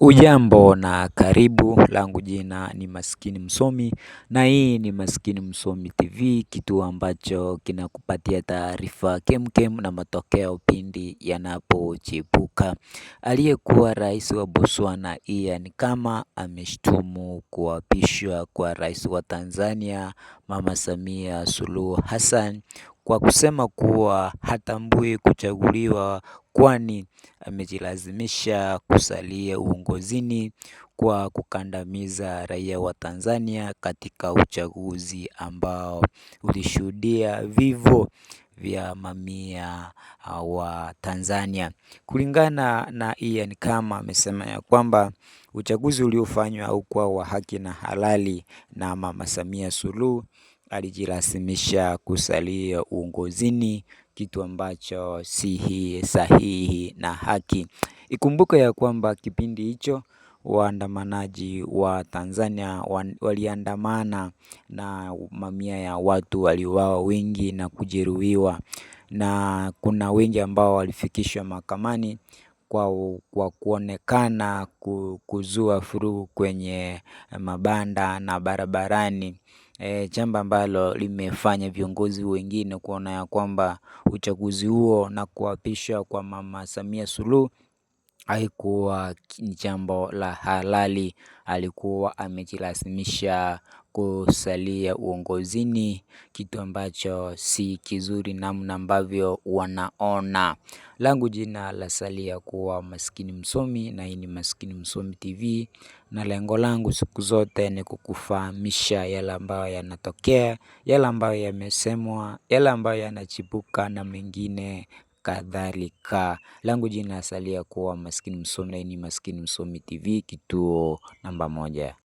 Ujambo na karibu langu jina ni maskini msomi na hii ni maskini msomi TV kituo ambacho kinakupatia taarifa kemkem na matokeo pindi yanapochipuka. Aliyekuwa rais wa Botswana Ian Khama ameshtumu kuapishwa kwa rais wa Tanzania Mama Samia Suluhu Hassan kwa kusema kuwa hatambui kuchaguliwa kwani amejilazimisha kusalia uongozini kwa kukandamiza raia wa Tanzania katika uchaguzi ambao ulishuhudia vivo vya mamia wa Tanzania. Kulingana na Ian Kama, amesema ya kwamba uchaguzi uliofanywa haukuwa wa haki na halali na Mama Samia Suluhu alijirasimisha kusalia uongozini, kitu ambacho si sahihi na haki. Ikumbuke ya kwamba kipindi hicho waandamanaji wa Tanzania waliandamana na mamia ya watu waliuawa wengi na kujeruhiwa, na kuna wengi ambao walifikishwa mahakamani kwa, kwa kuonekana kuzua furugu kwenye mabanda na barabarani. E, jambo ambalo limefanya viongozi wengine kuona ya kwamba uchaguzi huo na kuapishwa kwa Mama Samia Suluhu haikuwa jambo la halali alikuwa amejilazimisha kusalia uongozini kitu ambacho si kizuri namna ambavyo wanaona. Langu jina la salia kuwa Maskini Msomi na hii ni Maskini Msomi TV na lengo langu siku zote ni kukufahamisha yale ambayo yanatokea, yale ambayo yamesemwa, yale ambayo yanachipuka na mengine kadhalika. Langu jina asalia kuwa maskini msomi na hii ni Maskini Msomi TV kituo namba moja.